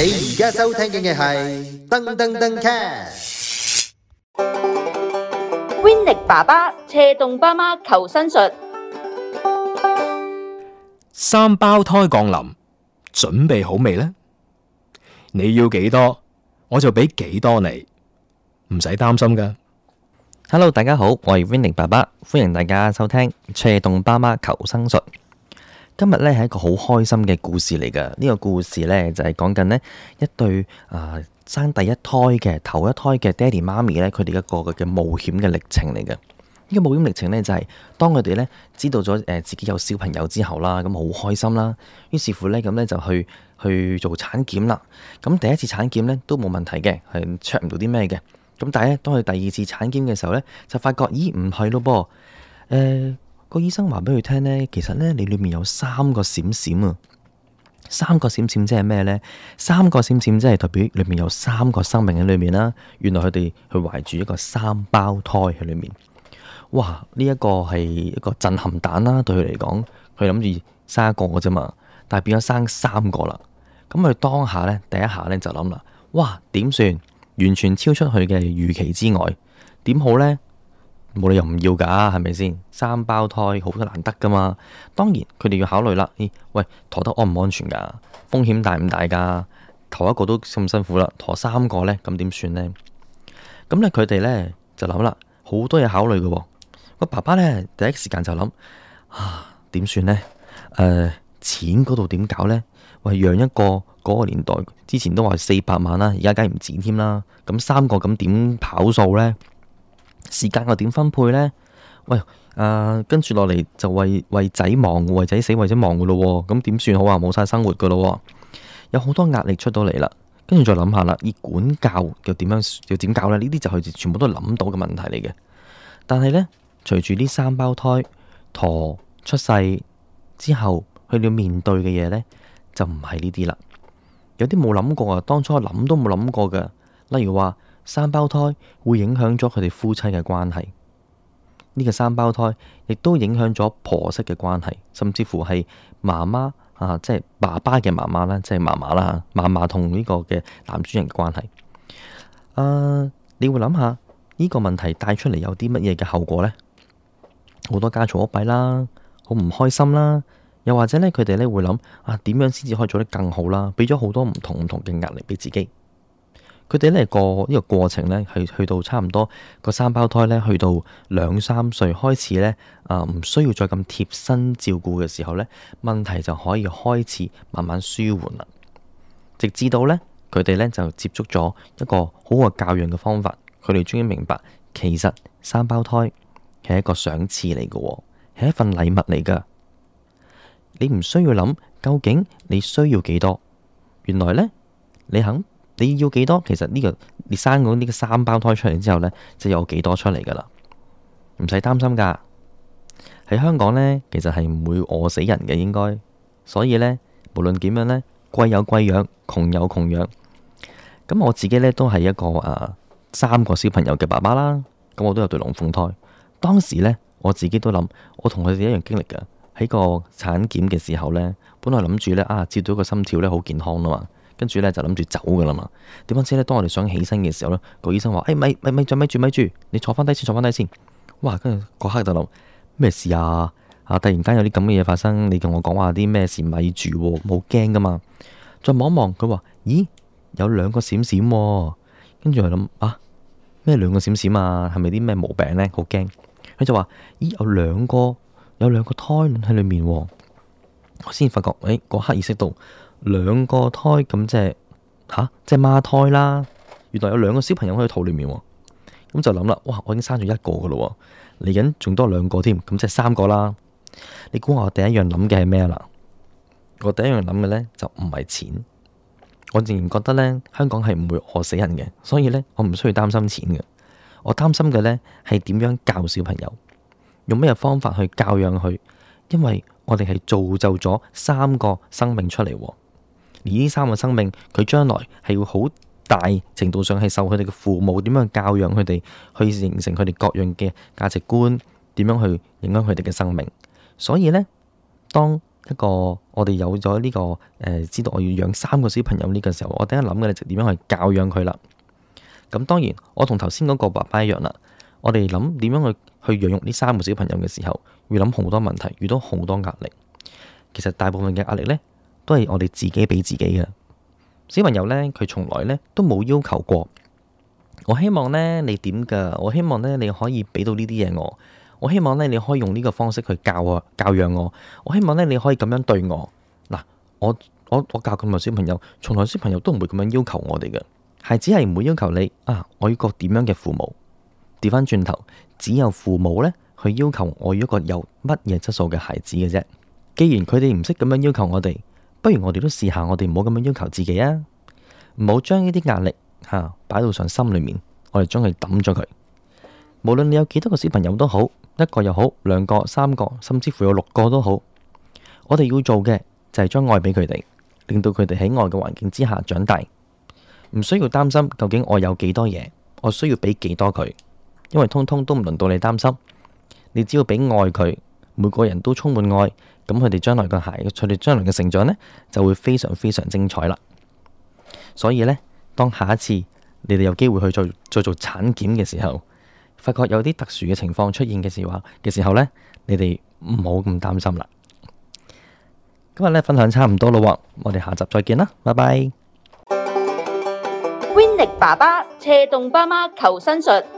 你而家收聽嘅係《噔噔噔 Cat》，Winnie 爸爸車動爸媽求生術，三胞胎降臨，準備好未呢？你要幾多，我就俾幾多你，唔使擔心噶。Hello，大家好，我係 Winnie 爸爸，歡迎大家收聽《車動爸媽求生術》。今日咧係一個好開心嘅故事嚟噶，呢、呢個故事呢，就係講緊呢一對啊、呃、生第一胎嘅頭一胎嘅爹哋媽咪呢，佢哋一個嘅嘅冒險嘅歷程嚟嘅。呢、呢個冒險歷程呢，就係、係、當佢哋呢知道咗誒自己有小朋友之後啦，咁好開心啦。於是乎呢，咁呢就去去做產檢啦。咁第一次產檢呢都冇問題嘅，係 check 唔到啲咩嘅。咁但係咧，當佢第二次產檢嘅時候呢，就發覺咦唔係咯噃誒。個醫生話俾佢聽咧，其實咧你裏面有三個閃閃啊，三個閃閃即係咩咧？三個閃閃即係代表裏面有三個生命喺裏面啦。原來佢哋佢懷住一個三胞胎喺裏面。哇！呢一個係一個震撼彈啦，對佢嚟講，佢諗住生一個嘅啫嘛，但係變咗生三個啦。咁佢當下咧，第一下咧就諗啦，哇！點算？完全超出佢嘅預期之外，點好咧？冇理由唔要噶，係咪先？三胞胎好得難得噶嘛，當然佢哋要考慮啦。咦、哎，喂，陀得安唔安全噶？風險大唔大噶？陀一個都咁辛苦啦，陀三個呢？咁點算呢？咁咧，佢哋呢，就諗啦，好多嘢考慮噶、哦。個爸爸呢，第一時間就諗啊，點算呢？誒、呃，錢嗰度點搞呢？喂，養一個嗰、那個年代之前都話四百萬啦，而家梗係唔止添啦。咁三個咁點跑數呢？時間又點分配呢？喂，誒、啊，跟住落嚟，就為為仔忙，為仔死，為仔忙噶咯，咁點算好啊？冇晒生活噶咯，有好多壓力出到嚟啦，跟住再諗下啦，以管教又點樣，又點搞呢？呢啲就係全部都係諗到嘅問題嚟嘅。但係呢，隨住呢三胞胎陀出世之後，佢哋面對嘅嘢呢，就唔係呢啲啦，有啲冇諗過啊，當初諗都冇諗過嘅，例如話。三胞胎會影響咗佢哋夫妻嘅關係，呢、這個三胞胎亦都影響咗婆媳嘅關係，甚至乎係媽媽啊，即係爸爸嘅媽媽啦，即係嫲嫲啦，嫲嫲同呢個嘅男主人嘅關係。誒、啊，你會諗下呢、這個問題帶出嚟有啲乜嘢嘅後果呢？好多家嘈屋閉啦，好唔開心啦，又或者呢，佢哋咧會諗啊，點樣先至可以做得更好啦？俾咗好多唔同唔同嘅壓力俾自己。佢哋呢個呢個過程呢，係去到差唔多個三胞胎呢，去到兩三歲開始呢，啊唔需要再咁貼身照顧嘅時候呢，問題就可以開始慢慢舒緩啦。直至到呢，佢哋呢就接觸咗一個好嘅教養嘅方法，佢哋終於明白，其實三胞胎係一個賞賜嚟嘅，係一份禮物嚟噶。你唔需要諗究竟你需要幾多，原來呢，你肯。你要幾多？其實呢、呢個你生呢啲三胞胎出嚟之後呢，就有幾多出嚟噶啦，唔使擔心噶。喺香港呢，其實係唔會餓死人嘅，應該。所以呢，無論點樣呢，貴有貴養，窮有窮養。咁我自己呢，都係一個誒、啊、三個小朋友嘅爸爸啦。咁我都有對龍鳳胎。當時呢，我自己都諗，我同佢哋一樣經歷噶。喺個產檢嘅時候呢，本來諗住呢，啊，接到個心跳呢，好健康啊嘛。跟住咧就諗住走噶啦嘛，點樣知咧當我哋想起身嘅時候咧，個醫生話：誒、哎，咪咪咪再咪住咪住，你坐翻低先，坐翻低先。哇！跟住嗰刻就諗咩事啊？啊！突然間有啲咁嘅嘢發生，你同我講話啲咩事咪住，好驚噶嘛！再望一望，佢話：咦，有兩個閃閃。跟住我諗啊，咩、啊、兩個閃閃啊？係咪啲咩毛病呢？好驚，佢就話：咦，有兩個有兩個胎卵喺裏面、啊。我先發覺，哎、誒，嗰刻意識到。兩個胎咁，即係吓，即係孖胎啦。原來有兩個小朋友喺佢肚裏面，咁就諗啦。哇，我已經生咗一個噶啦，嚟緊仲多兩個添，咁即係三個啦。你估下我第一樣諗嘅係咩啦？我第一樣諗嘅呢就唔係錢，我仍然覺得呢，香港係唔會餓死人嘅，所以呢，我唔需要擔心錢嘅。我擔心嘅呢係點樣教小朋友，用咩方法去教養佢，因為我哋係造就咗三個生命出嚟。而呢三個生命，佢將來係會好大程度上係受佢哋嘅父母點樣教養佢哋，去形成佢哋各樣嘅價值觀，點樣去影響佢哋嘅生命。所以呢，當一個我哋有咗呢、這個誒、呃，知道我要養三個小朋友呢個時候，我第一諗嘅就係點樣去教養佢啦。咁當然，我同頭先嗰個爸爸一樣啦。我哋諗點樣去去養育呢三個小朋友嘅時候，會諗好多問題，遇到好多壓力。其實大部分嘅壓力呢。都係我哋自己俾自己嘅小朋友呢，佢從來呢都冇要求過。我希望呢，你點噶？我希望呢，你可以俾到呢啲嘢我。我希望呢，你可以用呢個方式去教啊，教養我。我希望呢，你可以咁樣對我。嗱，我我我教咁個小朋友，從來小朋友都唔會咁樣要求我哋嘅。孩子係唔會要求你啊。我要個點樣嘅父母？調翻轉頭，只有父母呢，去要求我要一個有乜嘢質素嘅孩子嘅啫。既然佢哋唔識咁樣要求我哋。不如我哋都試下，我哋唔好咁樣要求自己啊！唔好將呢啲壓力吓擺到上心裏面，我哋將佢抌咗佢。無論你有幾多個小朋友都好，一個又好，兩個、三個，甚至乎有六個都好，我哋要做嘅就係將愛俾佢哋，令到佢哋喺愛嘅環境之下長大。唔需要擔心究竟我有幾多嘢，我需要俾幾多佢，因為通通都唔輪到你擔心，你只要俾愛佢。每個人都充滿愛，咁佢哋將來嘅孩，佢哋將來嘅成長呢，就會非常非常精彩啦。所以呢，當下一次你哋有機會去再再做，做產檢嘅時候，發覺有啲特殊嘅情況出現嘅時候，嘅時候呢，你哋唔好咁擔心啦。今日呢，分享差唔多啦，我哋下集再見啦，拜拜。Winnie 爸爸，斜動爸媽求生術。